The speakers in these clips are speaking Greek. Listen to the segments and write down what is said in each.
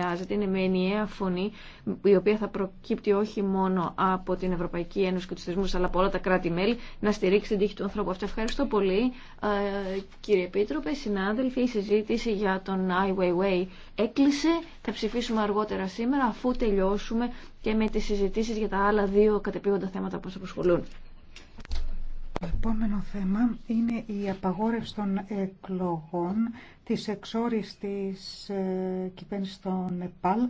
χρειάζεται είναι με ενιαία φωνή η οποία θα προκύπτει όχι μόνο από την Ευρωπαϊκή Ένωση και του θεσμούς αλλά από όλα τα κράτη-μέλη να στηρίξει την τύχη του ανθρώπου. Αυτό ευχαριστώ πολύ ε, κύριε Επίτροπε, συνάδελφοι, η συζήτηση για τον Ai Weiwei έκλεισε. Θα ψηφίσουμε αργότερα σήμερα αφού τελειώσουμε και με τι συζητήσει για τα άλλα δύο κατεπίγοντα θέματα που μας απασχολούν. Το Επόμενο θέμα είναι η απαγόρευση των εκλογών της εξόριστης ε, κυβέρνησης στο Νεπάλ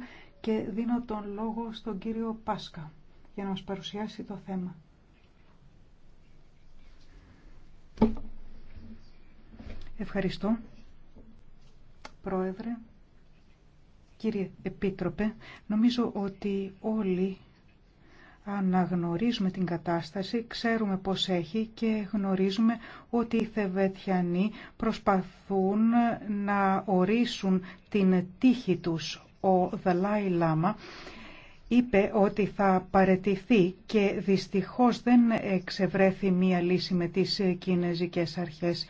και δίνω τον λόγο στον κύριο Πάσκα για να μας παρουσιάσει το θέμα. Ευχαριστώ. Πρόεδρε, κύριε Επίτροπε, νομίζω ότι όλοι αναγνωρίζουμε την κατάσταση, ξέρουμε πώς έχει και γνωρίζουμε ότι οι Θεβετιανοί προσπαθούν να ορίσουν την τύχη τους. Ο Δαλάη Λάμα είπε ότι θα παρετηθεί και δυστυχώς δεν εξευρέθη μία λύση με τις κινέζικες αρχές.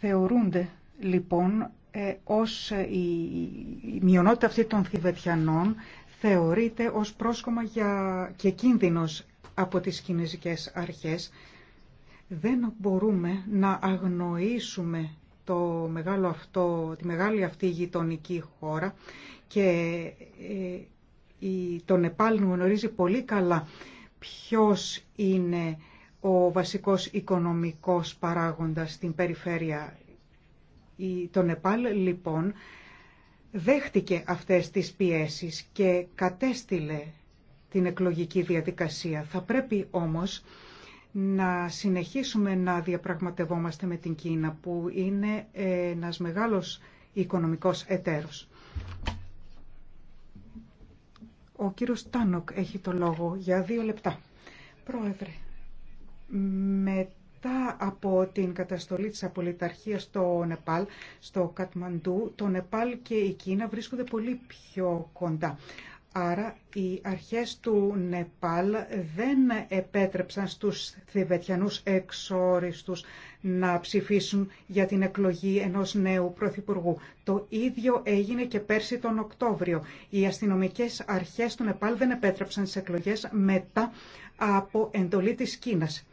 Θεωρούνται λοιπόν ε, ως ε, η μειονότητα αυτή των Θηβετιανών θεωρείται ως πρόσκομα για και κίνδυνος από τις κινέζικες αρχές. Δεν μπορούμε να αγνοήσουμε το μεγάλο αυτό, τη μεγάλη αυτή γειτονική χώρα και ε, το Νεπάλ γνωρίζει πολύ καλά ποιος είναι ο βασικός οικονομικός παράγοντας στην περιφέρεια η Το Νεπάλ λοιπόν δέχτηκε αυτές τις πιέσεις και κατέστηλε την εκλογική διαδικασία. Θα πρέπει όμως να συνεχίσουμε να διαπραγματευόμαστε με την Κίνα που είναι ένας μεγάλος οικονομικός εταίρος. Ο κύριος Τάνοκ έχει το λόγο για δύο λεπτά. Πρόεδρε, με μετά από την καταστολή της απολυταρχίας στο Νεπάλ, στο Κατμαντού, το Νεπάλ και η Κίνα βρίσκονται πολύ πιο κοντά. Άρα οι αρχές του Νεπάλ δεν επέτρεψαν στους θιβετιανούς εξόριστους να ψηφίσουν για την εκλογή ενός νέου πρωθυπουργού. Το ίδιο έγινε και πέρσι τον Οκτώβριο. Οι αστυνομικές αρχές του Νεπάλ δεν επέτρεψαν τις εκλογές μετά από εντολή της Κίνας.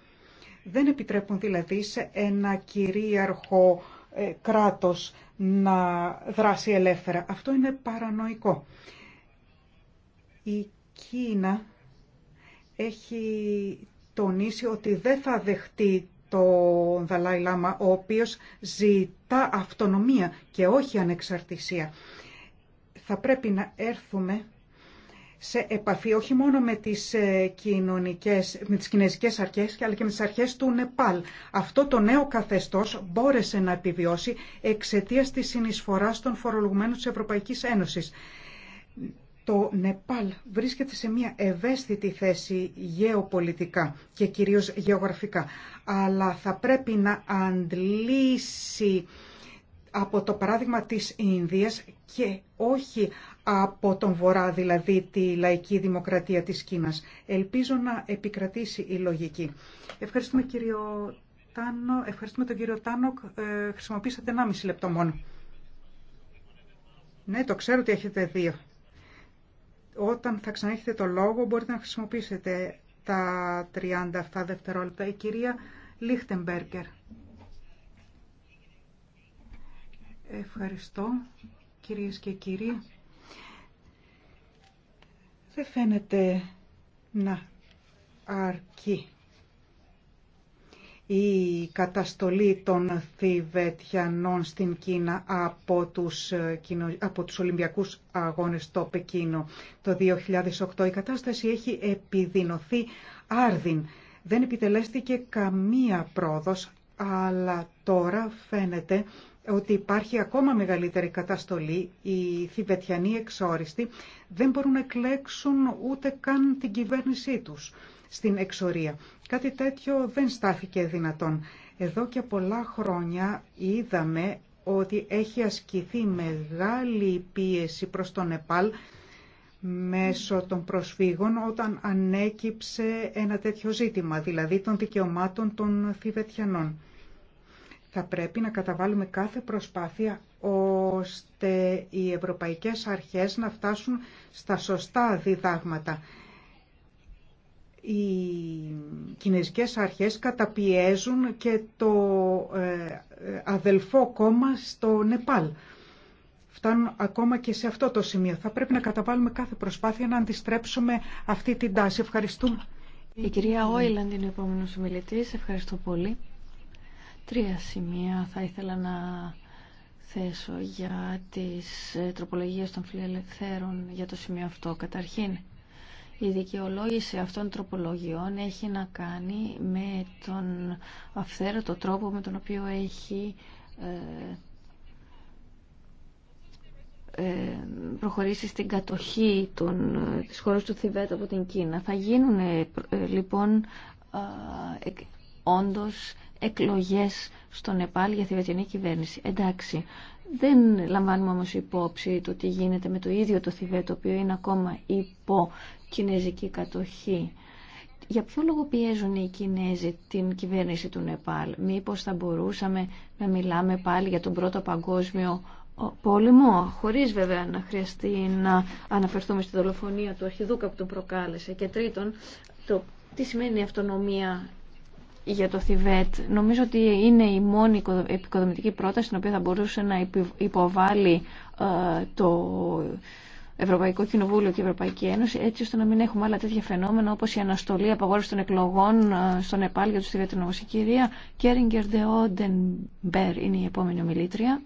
Δεν επιτρέπουν δηλαδή σε ένα κυρίαρχο ε, κράτος να δράσει ελεύθερα. Αυτό είναι παρανοϊκό. Η Κίνα έχει τονίσει ότι δεν θα δεχτεί το Δαλάη Λάμα, ο οποίος ζητά αυτονομία και όχι ανεξαρτησία. Θα πρέπει να έρθουμε σε επαφή όχι μόνο με τις, ε, κοινωνικές, με τις κινέζικες αρχές αλλά και με τις αρχές του Νεπάλ. Αυτό το νέο καθεστώς μπόρεσε να επιβιώσει εξαιτίας της συνεισφοράς των φορολογουμένων της Ευρωπαϊκής Ένωσης. Το Νεπάλ βρίσκεται σε μια ευαίσθητη θέση γεωπολιτικά και κυρίως γεωγραφικά, αλλά θα πρέπει να αντλήσει από το παράδειγμα της Ινδίας και όχι από τον Βορρά, δηλαδή τη λαϊκή δημοκρατία της Κίνας. Ελπίζω να επικρατήσει η λογική. Ευχαριστούμε, κύριο Τάνο. Ευχαριστούμε τον κύριο Τάνοκ. Ε, χρησιμοποίησατε 1,5 λεπτό μόνο. Ναι, το ξέρω ότι έχετε δύο. Όταν θα ξανέχετε το λόγο μπορείτε να χρησιμοποιήσετε τα 37 δευτερόλεπτα. Η κυρία Λίχτεμπέργκερ. Ευχαριστώ κυρίες και κύριοι. Δεν φαίνεται να αρκεί η καταστολή των Θιβέτιανων στην Κίνα από τους, ε, από τους Ολυμπιακούς Αγώνες στο Πεκίνο το 2008. Η κατάσταση έχει επιδεινωθεί άρδιν. Δεν επιτελέστηκε καμία πρόοδος, αλλά τώρα φαίνεται ότι υπάρχει ακόμα μεγαλύτερη καταστολή, οι θηβετιανοί εξόριστοι δεν μπορούν να εκλέξουν ούτε καν την κυβέρνησή τους στην εξορία. Κάτι τέτοιο δεν στάθηκε δυνατόν. Εδώ και πολλά χρόνια είδαμε ότι έχει ασκηθεί μεγάλη πίεση προς τον Νεπάλ μέσω των προσφύγων όταν ανέκυψε ένα τέτοιο ζήτημα, δηλαδή των δικαιωμάτων των Θηβετιανών. Θα πρέπει να καταβάλουμε κάθε προσπάθεια ώστε οι ευρωπαϊκές αρχές να φτάσουν στα σωστά διδάγματα. Οι κινέζικες αρχές καταπιέζουν και το ε, αδελφό κόμμα στο Νεπάλ. Φτάνουν ακόμα και σε αυτό το σημείο. Θα πρέπει να καταβάλουμε κάθε προσπάθεια να αντιστρέψουμε αυτή την τάση. Ευχαριστούμε. Η κυρία Όιλαντ είναι ο επόμενος Ευχαριστώ πολύ. Τρία σημεία θα ήθελα να θέσω για τις ε, τροπολογίες των φιλελευθέρων για το σημείο αυτό. Καταρχήν, η δικαιολόγηση αυτών των τροπολογιών έχει να κάνει με τον αυθαίρετο τρόπο με τον οποίο έχει ε, ε, προχωρήσει στην κατοχή των, της χώρας του Θιβέτ από την Κίνα. Θα γίνουν λοιπόν όντως εκλογές στο Νεπάλ για θηβετιανή κυβέρνηση. Εντάξει, δεν λαμβάνουμε όμως υπόψη το τι γίνεται με το ίδιο το Θιβέ, το οποίο είναι ακόμα υπό κινέζικη κατοχή. Για ποιο λόγο πιέζουν οι Κινέζοι την κυβέρνηση του Νεπάλ. Μήπως θα μπορούσαμε να μιλάμε πάλι για τον Πρώτο Παγκόσμιο Πόλεμο, χωρίς βέβαια να χρειαστεί να αναφερθούμε στη δολοφονία του Αρχιδούκα που τον προκάλεσε. Και τρίτον, το τι σημαίνει η αυτονομία για το Θιβέτ. Νομίζω ότι είναι η μόνη επικοδομητική πρόταση στην οποία θα μπορούσε να υποβάλει ε, το Ευρωπαϊκό Κοινοβούλιο και η Ευρωπαϊκή Ένωση έτσι ώστε να μην έχουμε άλλα τέτοια φαινόμενα όπως η αναστολή απαγόρευση των εκλογών ε, στο Νεπάλ για τους Θιβέτ Η κυρία Κέριγκερ Όντεμπερ είναι η επόμενη ομιλήτρια.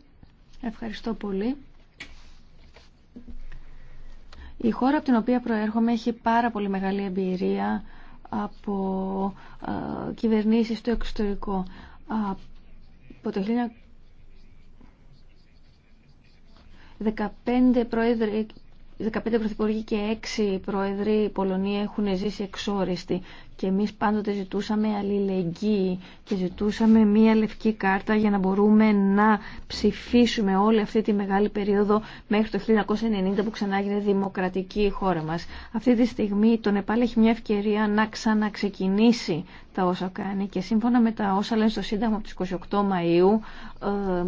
Ευχαριστώ πολύ. Η χώρα από την οποία προέρχομαι έχει πάρα πολύ μεγάλη εμπειρία από ε, κυβερνήσεις στο εξωτερικό. Από το 15 πρόεδροι 15 πρωθυπουργοί και 6 πρόεδροι Πολωνία έχουν ζήσει εξόριστοι και εμείς πάντοτε ζητούσαμε αλληλεγγύη και ζητούσαμε μία λευκή κάρτα για να μπορούμε να ψηφίσουμε όλη αυτή τη μεγάλη περίοδο μέχρι το 1990 που ξανά γίνεται δημοκρατική η χώρα μας. Αυτή τη στιγμή το Νεπάλ έχει μια ευκαιρία να ξαναξεκινήσει τα όσα κάνει και σύμφωνα με τα όσα λένε στο Σύνταγμα από τις 28 Μαΐου ε,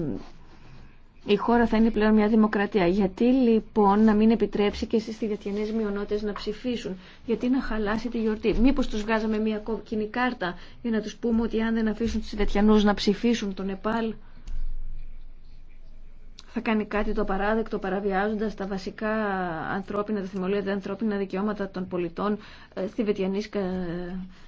η χώρα θα είναι πλέον μια δημοκρατία. Γιατί λοιπόν να μην επιτρέψει και στις θηγατιανές μειονότητες να ψηφίσουν. Γιατί να χαλάσει τη γιορτή. Μήπως τους βγάζαμε μια κόκκινη κάρτα για να τους πούμε ότι αν δεν αφήσουν τους θηγατιανούς να ψηφίσουν τον ΕΠΑΛ θα κάνει κάτι το παράδεκτο παραβιάζοντας τα βασικά ανθρώπινα, τα θυμολία, ανθρώπινα δικαιώματα των πολιτών ε, στη καταγωγή.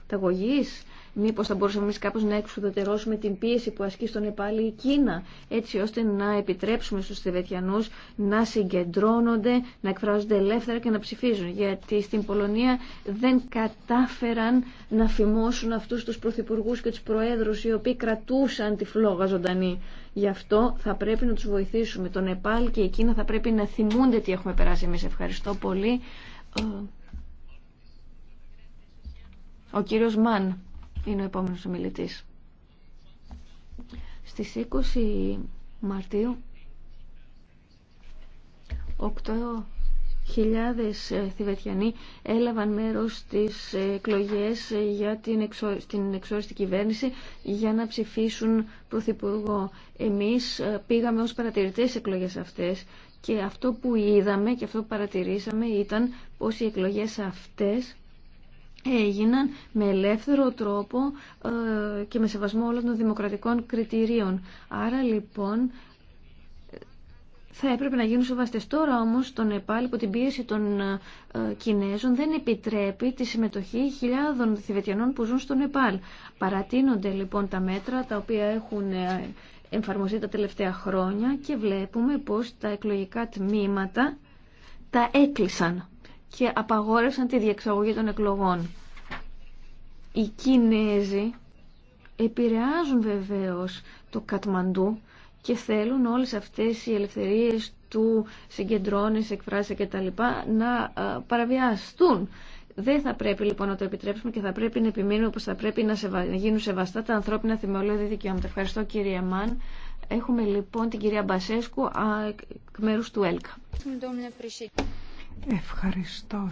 καταγωγής. Μήπως θα μπορούσαμε εμεί κάπω να εξουδετερώσουμε την πίεση που ασκεί στον Νεπάλ η Κίνα, έτσι ώστε να επιτρέψουμε στου Θεβετιανού να συγκεντρώνονται, να εκφράζονται ελεύθερα και να ψηφίζουν. Γιατί στην Πολωνία δεν κατάφεραν να φημώσουν αυτού του πρωθυπουργού και του προέδρου, οι οποίοι κρατούσαν τη φλόγα ζωντανή. Γι' αυτό θα πρέπει να τους βοηθήσουμε. Το Νεπάλ και η Κίνα θα πρέπει να θυμούνται τι έχουμε περάσει εμείς. Ευχαριστώ πολύ. Ο κύριος Μαν είναι ο επόμενος ομιλητής. Στις 20 Μαρτίου, 8 χιλιάδες ε, Θηβετιανοί έλαβαν μέρος στις ε, εκλογές ε, για την, εξο... στην εξόριστη κυβέρνηση για να ψηφίσουν πρωθυπουργό. Εμείς πήγαμε ως παρατηρητές στις εκλογές αυτές και αυτό που είδαμε και αυτό που παρατηρήσαμε ήταν πως οι εκλογές αυτές έγιναν με ελεύθερο τρόπο και με σεβασμό όλων των δημοκρατικών κριτηρίων. Άρα λοιπόν θα έπρεπε να γίνουν σεβαστές. Τώρα όμως το Νεπάλ υπό την πίεση των ε, Κινέζων δεν επιτρέπει τη συμμετοχή χιλιάδων Θηβετιανών που ζουν στο Νεπάλ. Παρατείνονται λοιπόν τα μέτρα τα οποία έχουν ε, εμφαρμοστεί τα τελευταία χρόνια και βλέπουμε πως τα εκλογικά τμήματα τα έκλεισαν και απαγόρευσαν τη διεξαγωγή των εκλογών. Οι Κινέζοι επηρεάζουν βεβαίως το Κατμαντού και θέλουν όλες αυτές οι ελευθερίες του συγκεντρώνεις, τα κτλ. να ε, παραβιαστούν. Δεν θα πρέπει λοιπόν να το επιτρέψουμε και θα πρέπει να επιμείνουμε πως θα πρέπει να, γίνουν σεβαστά τα ανθρώπινα θεμελιώδη δικαιώματα. Ευχαριστώ κύριε Μαν. Έχουμε λοιπόν την κυρία Μπασέσκου εκ μέρους του ΕΛΚΑ. Ευχαριστώ,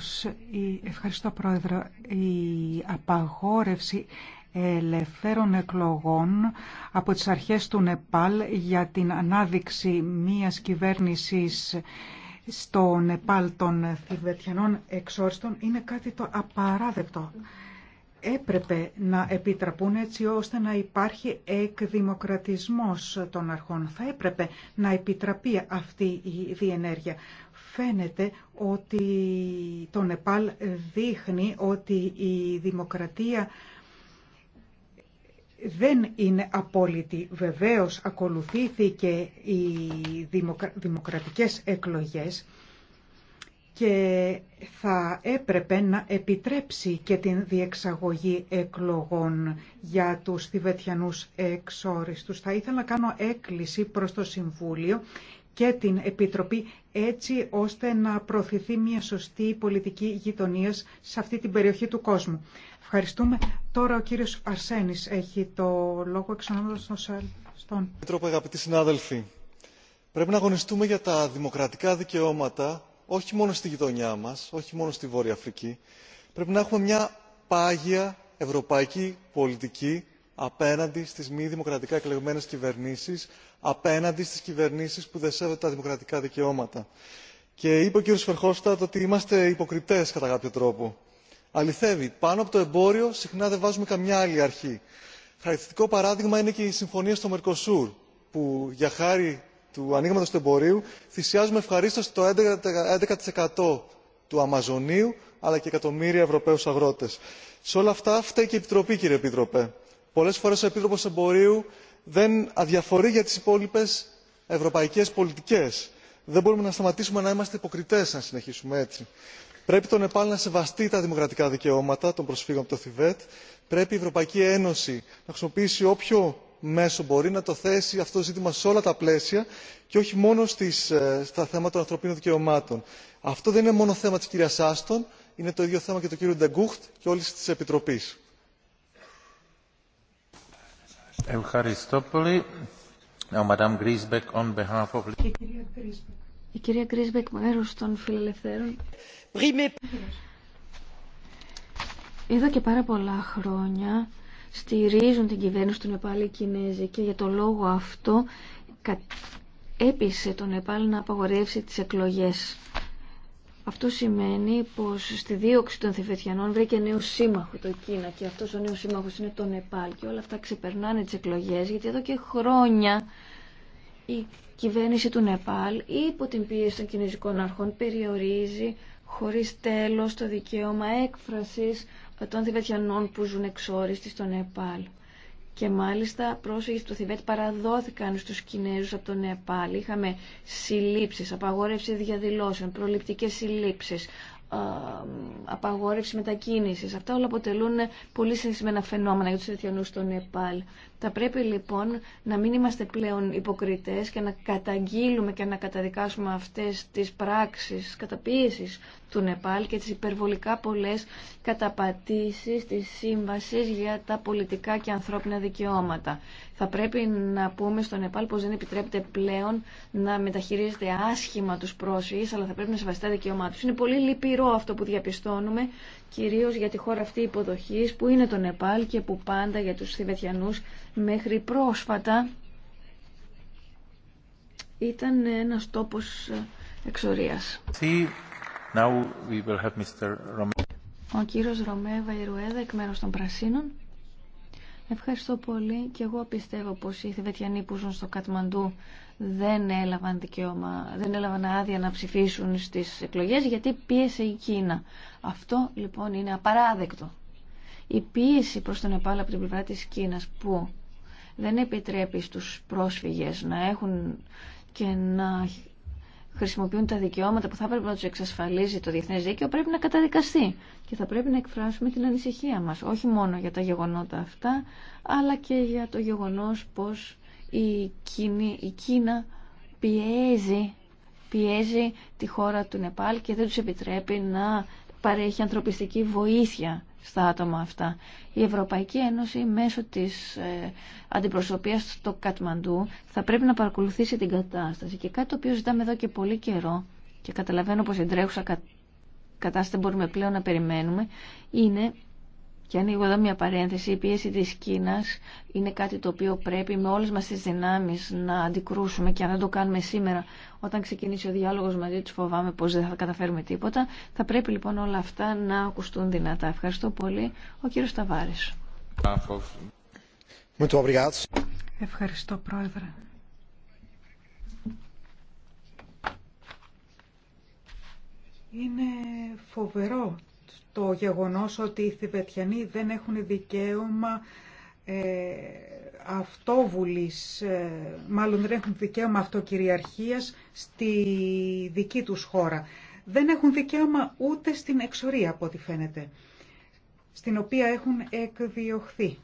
ευχαριστώ πρόεδρο. Η απαγόρευση ελευθέρων εκλογών από τις αρχές του Νεπάλ για την ανάδειξη μιας κυβέρνησης στο Νεπάλ των Θιβετιανών εξόριστων είναι κάτι το απαράδεκτο. Έπρεπε να επιτραπούν έτσι ώστε να υπάρχει εκδημοκρατισμός των αρχών. Θα έπρεπε να επιτραπεί αυτή η διενέργεια. Φαίνεται ότι το Νεπάλ δείχνει ότι η δημοκρατία δεν είναι απόλυτη. Βεβαίως ακολουθήθηκε οι δημοκρα... δημοκρατικές εκλογές και θα έπρεπε να επιτρέψει και την διεξαγωγή εκλογών για τους Θηβετιανούς εξόριστους. Θα ήθελα να κάνω έκκληση προς το Συμβούλιο και την Επιτροπή έτσι ώστε να προωθηθεί μια σωστή πολιτική γειτονία σε αυτή την περιοχή του κόσμου. Ευχαριστούμε. Τώρα ο κύριος Αρσένης έχει το λόγο εξ στον. των Σαλστών. αγαπητοί συνάδελφοι, πρέπει να αγωνιστούμε για τα δημοκρατικά δικαιώματα όχι μόνο στη γειτονιά μας, όχι μόνο στη Βόρεια Αφρική. Πρέπει να έχουμε μια πάγια ευρωπαϊκή πολιτική απέναντι στι μη δημοκρατικά εκλεγμένε κυβερνήσει, απέναντι στι κυβερνήσει που δεν σέβονται τα δημοκρατικά δικαιώματα. Και είπε ο κ. Φερχόφστατ ότι είμαστε υποκριτέ κατά κάποιο τρόπο. Αληθεύει, πάνω από το εμπόριο συχνά δεν βάζουμε καμιά άλλη αρχή. Χαρακτηριστικό παράδειγμα είναι και η συμφωνία στο Μερκοσούρ, που για χάρη του ανοίγματο του εμπορίου θυσιάζουμε ευχαρίστω το 11% του Αμαζονίου αλλά και εκατομμύρια Ευρωπαίου αγρότε. Σε όλα αυτά φταίει και η Επιτροπή, κύριε Επίτροπε πολλέ φορέ ο επίτροπο εμπορίου δεν αδιαφορεί για τι υπόλοιπε ευρωπαϊκέ πολιτικέ. δεν μπορούμε να σταματήσουμε να είμαστε υποκριτέ αν συνεχίσουμε έτσι. πρέπει το νεπάλ να σεβαστεί τα δημοκρατικά δικαιώματα των προσφύγων από το θιβέτ πρέπει η ευρωπαϊκή ένωση να χρησιμοποιήσει όποιο μέσο μπορεί να το θέσει αυτό το ζήτημα σε όλα τα πλαίσια και όχι μόνο ε, στα θέματα των ανθρωπίνων δικαιωμάτων. αυτό δεν είναι μόνο θέμα της κυρίας άστον είναι το ίδιο θέμα και του κυρίου de και όλης τη επιτροπής. Ευχαριστώ πολύ. Η κυρία Γκρίσμπεκ, μέρος των φιλελευθέρων. Εδώ και πάρα πολλά χρόνια στηρίζουν την κυβέρνηση του Νεπάλ οι Κινέζοι και για το λόγο αυτό έπεισε τον Νεπάλ να απαγορεύσει τις εκλογές. Αυτό σημαίνει πως στη δίωξη των Θηβετιανών βρήκε νέο σύμμαχο το Κίνα και αυτός ο νέος σύμμαχος είναι το Νεπάλ και όλα αυτά ξεπερνάνε τις εκλογές γιατί εδώ και χρόνια η κυβέρνηση του Νεπάλ υπό την πίεση των κινέζικων αρχών περιορίζει χωρίς τέλος το δικαίωμα έκφρασης των Θηβετιανών που ζουν εξόριστοι στο Νεπάλ και μάλιστα πρόσφυγε του Θιβέτ παραδόθηκαν στους Κινέζους από τον Νεπάλ. Είχαμε συλλήψεις, απαγόρευση διαδηλώσεων, προληπτικές συλλήψεις, απαγόρευση μετακίνησης. Αυτά όλα αποτελούν πολύ συνηθισμένα φαινόμενα για τους Εθιανούς στο Νεπάλ. Θα πρέπει λοιπόν να μην είμαστε πλέον υποκριτές και να καταγγείλουμε και να καταδικάσουμε αυτές τις πράξεις καταπίεσης του Νεπάλ και τις υπερβολικά πολλές καταπατήσεις της σύμβασης για τα πολιτικά και ανθρώπινα δικαιώματα. Θα πρέπει να πούμε στο Νεπάλ πως δεν επιτρέπεται πλέον να μεταχειρίζεται άσχημα τους πρόσφυγες, αλλά θα πρέπει να σεβαστεί τα δικαιώματά Είναι πολύ λυπηρό αυτό που διαπιστώνουμε κυρίως για τη χώρα αυτή υποδοχής που είναι το Νεπάλ και που πάντα για τους Θηβετιανούς μέχρι πρόσφατα ήταν ένας τόπος ε, εξορίας. Ο κύριος Ρωμέ Βαϊρουέδα εκ μέρους των Πρασίνων. Ευχαριστώ πολύ και εγώ πιστεύω πως οι Θεβετιανοί που ζουν στο Κατμαντού δεν έλαβαν δικαίωμα, δεν έλαβαν άδεια να ψηφίσουν στις εκλογές γιατί πίεσε η Κίνα. Αυτό λοιπόν είναι απαράδεκτο. Η πίεση προς τον Επάλ από την πλευρά της Κίνας που δεν επιτρέπει στους πρόσφυγες να έχουν και να χρησιμοποιούν τα δικαιώματα που θα πρέπει να τους εξασφαλίζει το διεθνέ δίκαιο πρέπει να καταδικαστεί και θα πρέπει να εκφράσουμε την ανησυχία μας όχι μόνο για τα γεγονότα αυτά αλλά και για το γεγονός πως η, η Κίνα πιέζει, πιέζει τη χώρα του Νεπάλ και δεν τους επιτρέπει να παρέχει ανθρωπιστική βοήθεια στα άτομα αυτά. Η Ευρωπαϊκή Ένωση μέσω της ε, αντιπροσωπείας στο Κατμαντού θα πρέπει να παρακολουθήσει την κατάσταση και κάτι το οποίο ζητάμε εδώ και πολύ καιρό και καταλαβαίνω πως η τρέχουσα κατάσταση δεν μπορούμε πλέον να περιμένουμε είναι και ανοίγω εδώ μια παρένθεση, η πίεση της Κίνας είναι κάτι το οποίο πρέπει με όλες μας τις δυνάμεις να αντικρούσουμε και αν δεν το κάνουμε σήμερα όταν ξεκινήσει ο διάλογος μαζί τους φοβάμαι πως δεν θα καταφέρουμε τίποτα. Θα πρέπει λοιπόν όλα αυτά να ακουστούν δυνατά. Ευχαριστώ πολύ. Ο κύριος Ταβάρης. Ευχαριστώ πρόεδρε. Είναι φοβερό το γεγονός ότι οι Θηβετιανοί δεν έχουν δικαίωμα ε, αυτόβουλης, ε, μάλλον δεν έχουν δικαίωμα αυτοκυριαρχίας στη δική τους χώρα. Δεν έχουν δικαίωμα ούτε στην εξορία από ό,τι φαίνεται, στην οποία έχουν εκδιωχθεί.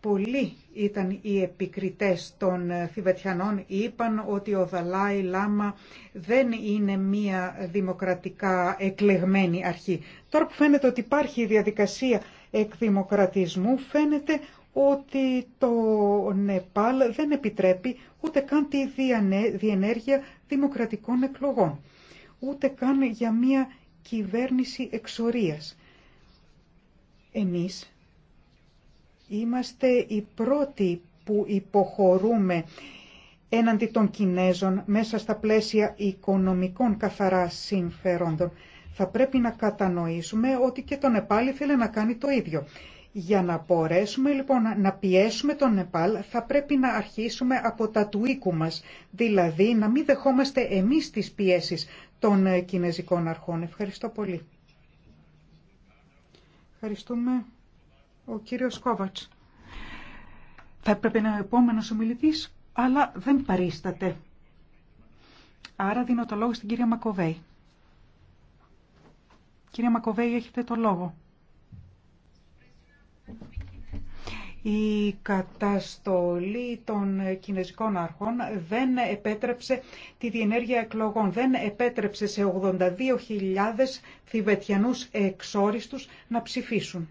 πολλοί ήταν οι επικριτές των ε, Θιβετιανών. Είπαν ότι ο Δαλάη Λάμα δεν είναι μία δημοκρατικά εκλεγμένη αρχή. Τώρα που φαίνεται ότι υπάρχει η διαδικασία εκδημοκρατισμού, φαίνεται ότι το Νεπάλ δεν επιτρέπει ούτε καν τη διενέργεια δημοκρατικών εκλογών, ούτε καν για μία κυβέρνηση εξορίας. Εμείς Είμαστε οι πρώτοι που υποχωρούμε έναντι των Κινέζων μέσα στα πλαίσια οικονομικών καθαρά συμφερόντων. Θα πρέπει να κατανοήσουμε ότι και τον Νεπάλ ήθελε να κάνει το ίδιο. Για να μπορέσουμε λοιπόν να πιέσουμε τον Νεπάλ θα πρέπει να αρχίσουμε από τα του οίκου μας, δηλαδή να μην δεχόμαστε εμείς τις πιέσεις των ε, Κινέζικων αρχών. Ευχαριστώ πολύ. Ευχαριστούμε ο κύριος Κόβατς. Θα έπρεπε να είναι ο επόμενος ομιλητής, αλλά δεν παρίσταται. Άρα δίνω το λόγο στην κυρία Μακοβέη. Κυρία Μακοβέη, έχετε το λόγο. Η καταστολή των κινέζικων αρχών δεν επέτρεψε τη διενέργεια εκλογών, δεν επέτρεψε σε 82.000 θηβετιανούς εξόριστους να ψηφίσουν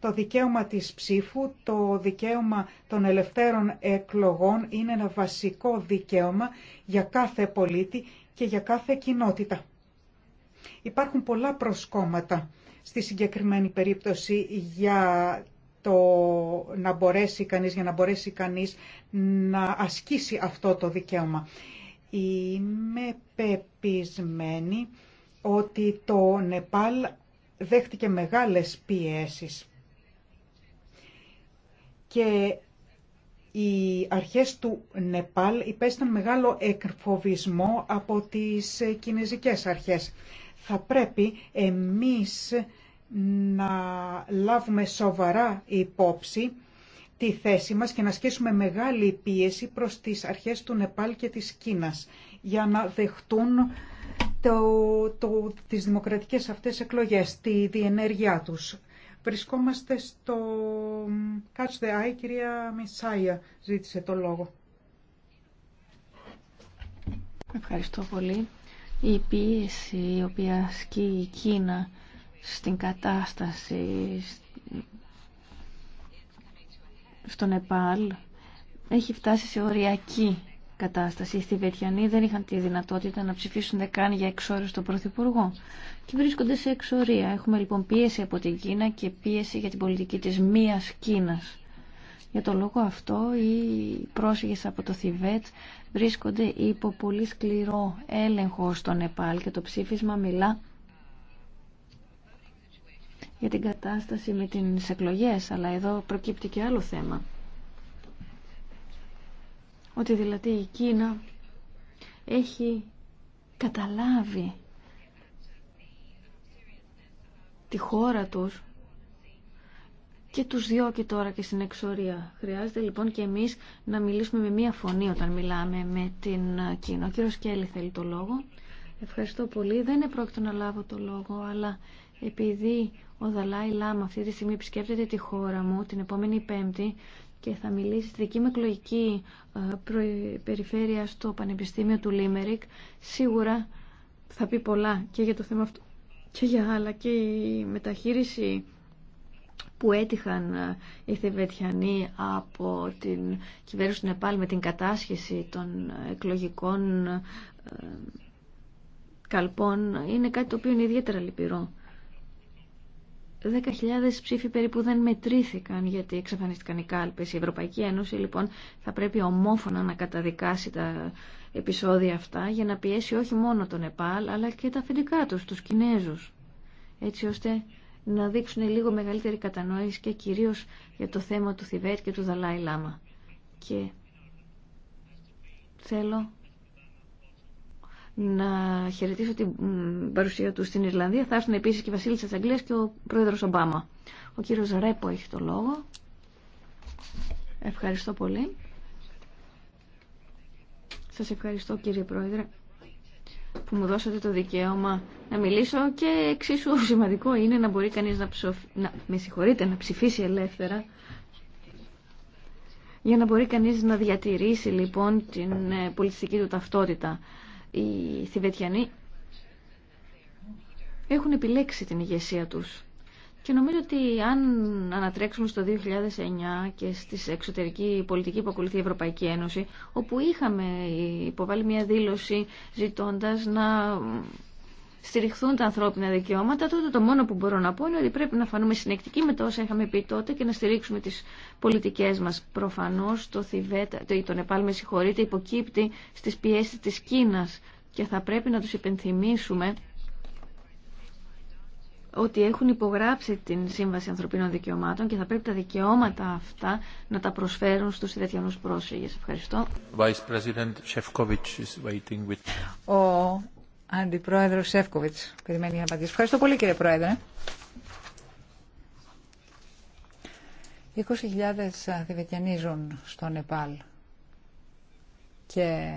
το δικαίωμα της ψήφου, το δικαίωμα των ελευθέρων εκλογών είναι ένα βασικό δικαίωμα για κάθε πολίτη και για κάθε κοινότητα. Υπάρχουν πολλά προσκόμματα στη συγκεκριμένη περίπτωση για το να μπορέσει κανείς, για να μπορέσει κανείς να ασκήσει αυτό το δικαίωμα. Είμαι πεπισμένη ότι το Νεπάλ δέχτηκε μεγάλες πιέσεις και οι αρχές του Νεπάλ υπέστησαν μεγάλο εκφοβισμό από τις κινέζικες αρχές. Θα πρέπει εμείς να λάβουμε σοβαρά υπόψη τη θέση μας και να ασκήσουμε μεγάλη πίεση προς τις αρχές του Νεπάλ και της Κίνας για να δεχτούν το, το, τις δημοκρατικές αυτές εκλογές, τη διενέργειά τους. Βρισκόμαστε στο κάτσε, η κυρία Μισάια ζήτησε το λόγο. Ευχαριστώ πολύ. Η πίεση η οποία ασκεί η Κίνα στην κατάσταση στο Νεπάλ έχει φτάσει σε οριακή κατάσταση. Οι Θηβετιανοί δεν είχαν τη δυνατότητα να ψηφίσουν καν για 6 στον Πρωθυπουργό και βρίσκονται σε εξορία. Έχουμε λοιπόν πίεση από την Κίνα και πίεση για την πολιτική της μία Κίνας. Για τον λόγο αυτό οι πρόσφυγε από το Θιβέτ βρίσκονται υπό πολύ σκληρό έλεγχο στο Νεπάλ και το ψήφισμα μιλά για την κατάσταση με τις εκλογές, αλλά εδώ προκύπτει και άλλο θέμα ότι δηλαδή η Κίνα έχει καταλάβει τη χώρα τους και τους και τώρα και στην εξορία. Χρειάζεται λοιπόν και εμείς να μιλήσουμε με μία φωνή όταν μιλάμε με την Κίνα. Ο κύριος Κέλλη θέλει το λόγο. Ευχαριστώ πολύ. Δεν είναι επρόκειτο να λάβω το λόγο, αλλά επειδή ο Δαλάη Λάμα αυτή τη στιγμή επισκέπτεται τη χώρα μου την επόμενη Πέμπτη και θα μιλήσει στη δική μου εκλογική ε, περιφέρεια στο Πανεπιστήμιο του Λίμερικ, σίγουρα θα πει πολλά και για το θέμα αυτό και για άλλα και η μεταχείριση που έτυχαν ε, οι Θεβετιανοί από την κυβέρνηση του Νεπάλ με την κατάσχεση των εκλογικών ε, καλπών είναι κάτι το οποίο είναι ιδιαίτερα λυπηρό. 10.000 ψήφοι περίπου δεν μετρήθηκαν γιατί εξαφανίστηκαν οι κάλπες. Η Ευρωπαϊκή Ένωση λοιπόν θα πρέπει ομόφωνα να καταδικάσει τα επεισόδια αυτά για να πιέσει όχι μόνο τον ΕΠΑΛ αλλά και τα αφεντικά τους, τους Κινέζους. Έτσι ώστε να δείξουν λίγο μεγαλύτερη κατανόηση και κυρίω για το θέμα του Θιβέτ και του Δαλάη Λάμα. Και θέλω να χαιρετήσω την παρουσία του στην Ιρλανδία. Θα έρθουν επίσης και η Βασίλισσα της Αγγλίας και ο Πρόεδρος Ομπάμα. Ο κύριος Ρέπο έχει το λόγο. Ευχαριστώ πολύ. Σας ευχαριστώ κύριε Πρόεδρε που μου δώσατε το δικαίωμα να μιλήσω και εξίσου σημαντικό είναι να μπορεί κανείς να, να... Με συγχωρείτε, να ψηφίσει ελεύθερα για να μπορεί κανείς να διατηρήσει λοιπόν την ε, πολιτιστική του ταυτότητα. Οι Θιβετιανοί έχουν επιλέξει την ηγεσία τους. Και νομίζω ότι αν ανατρέξουμε στο 2009 και στη εξωτερική πολιτική που ακολουθεί η Ευρωπαϊκή Ένωση, όπου είχαμε υποβάλει μια δήλωση ζητώντας να στηριχθούν τα ανθρώπινα δικαιώματα, τότε το μόνο που μπορώ να πω είναι ότι πρέπει να φανούμε συνεκτικοί με τα όσα είχαμε πει τότε και να στηρίξουμε τις πολιτικές μας. Προφανώς το, Θιβέτα, το, το Νεπάλ, με συγχωρείτε, υποκύπτει στις πιέσεις της Κίνας και θα πρέπει να τους υπενθυμίσουμε ότι έχουν υπογράψει την Σύμβαση Ανθρωπίνων Δικαιωμάτων και θα πρέπει τα δικαιώματα αυτά να τα προσφέρουν στους Ιδετιανούς πρόσφυγες. Ευχαριστώ. Ο Αντιπρόεδρος Σεύκοβιτς. Περιμένει να απαντήσει. Ευχαριστώ πολύ κύριε Πρόεδρε. 20.000 Θεβετιανοί στο Νεπάλ και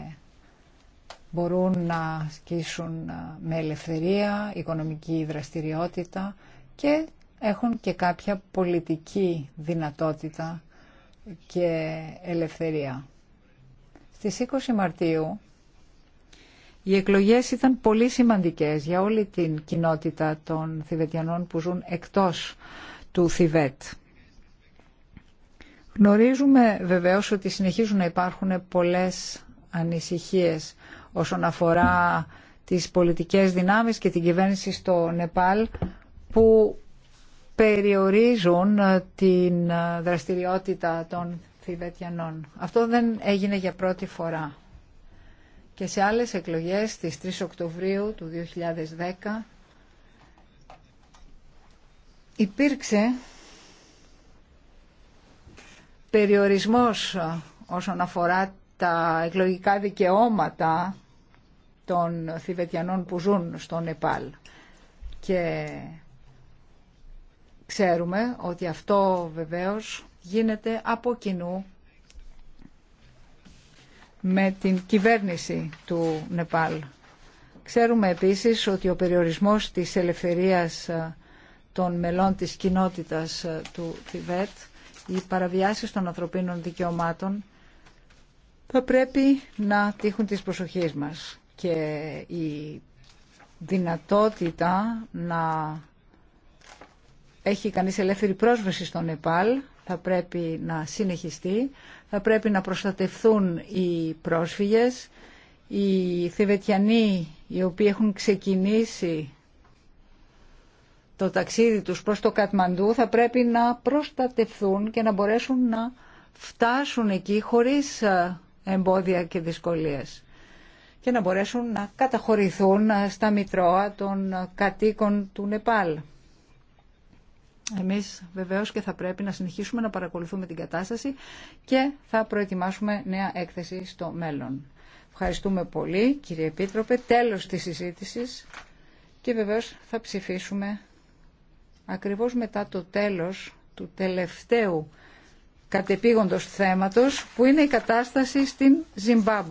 μπορούν να ασκήσουν με ελευθερία, οικονομική δραστηριότητα και έχουν και κάποια πολιτική δυνατότητα και ελευθερία. Στις 20 Μαρτίου οι εκλογές ήταν πολύ σημαντικές για όλη την κοινότητα των Θηβετιανών που ζουν εκτός του Θιβέτ. Γνωρίζουμε βεβαίως ότι συνεχίζουν να υπάρχουν πολλές ανησυχίες όσον αφορά τις πολιτικές δυνάμεις και την κυβέρνηση στο Νεπάλ που περιορίζουν την δραστηριότητα των Θηβετιανών. Αυτό δεν έγινε για πρώτη φορά και σε άλλες εκλογές στις 3 Οκτωβρίου του 2010 υπήρξε περιορισμός όσον αφορά τα εκλογικά δικαιώματα των Θηβετιανών που ζουν στο Νεπάλ. Και ξέρουμε ότι αυτό βεβαίως γίνεται από κοινού με την κυβέρνηση του Νεπάλ. Ξέρουμε επίσης ότι ο περιορισμός της ελευθερίας ε, των μελών της κοινότητας ε, του Τιβέτ, οι παραβιάσεις των ανθρωπίνων δικαιωμάτων θα πρέπει να τύχουν τις προσοχή μας και η δυνατότητα να έχει κανείς ελεύθερη πρόσβαση στο Νεπάλ θα πρέπει να συνεχιστεί, θα πρέπει να προστατευθούν οι πρόσφυγες, οι Θεβετιανοί οι οποίοι έχουν ξεκινήσει το ταξίδι τους προς το Κατμαντού θα πρέπει να προστατευθούν και να μπορέσουν να φτάσουν εκεί χωρίς ε, εμπόδια και δυσκολίες και να μπορέσουν να καταχωρηθούν ε, στα μητρώα των ε, κατοίκων του Νεπάλ. Εμείς βεβαίως και θα πρέπει να συνεχίσουμε να παρακολουθούμε την κατάσταση και θα προετοιμάσουμε νέα έκθεση στο μέλλον. Ευχαριστούμε πολύ κύριε Επίτροπε. Τέλος της συζήτησης και βεβαίως θα ψηφίσουμε ακριβώς μετά το τέλος του τελευταίου κατεπήγοντος θέματος που είναι η κατάσταση στην Ζιμπάμπο.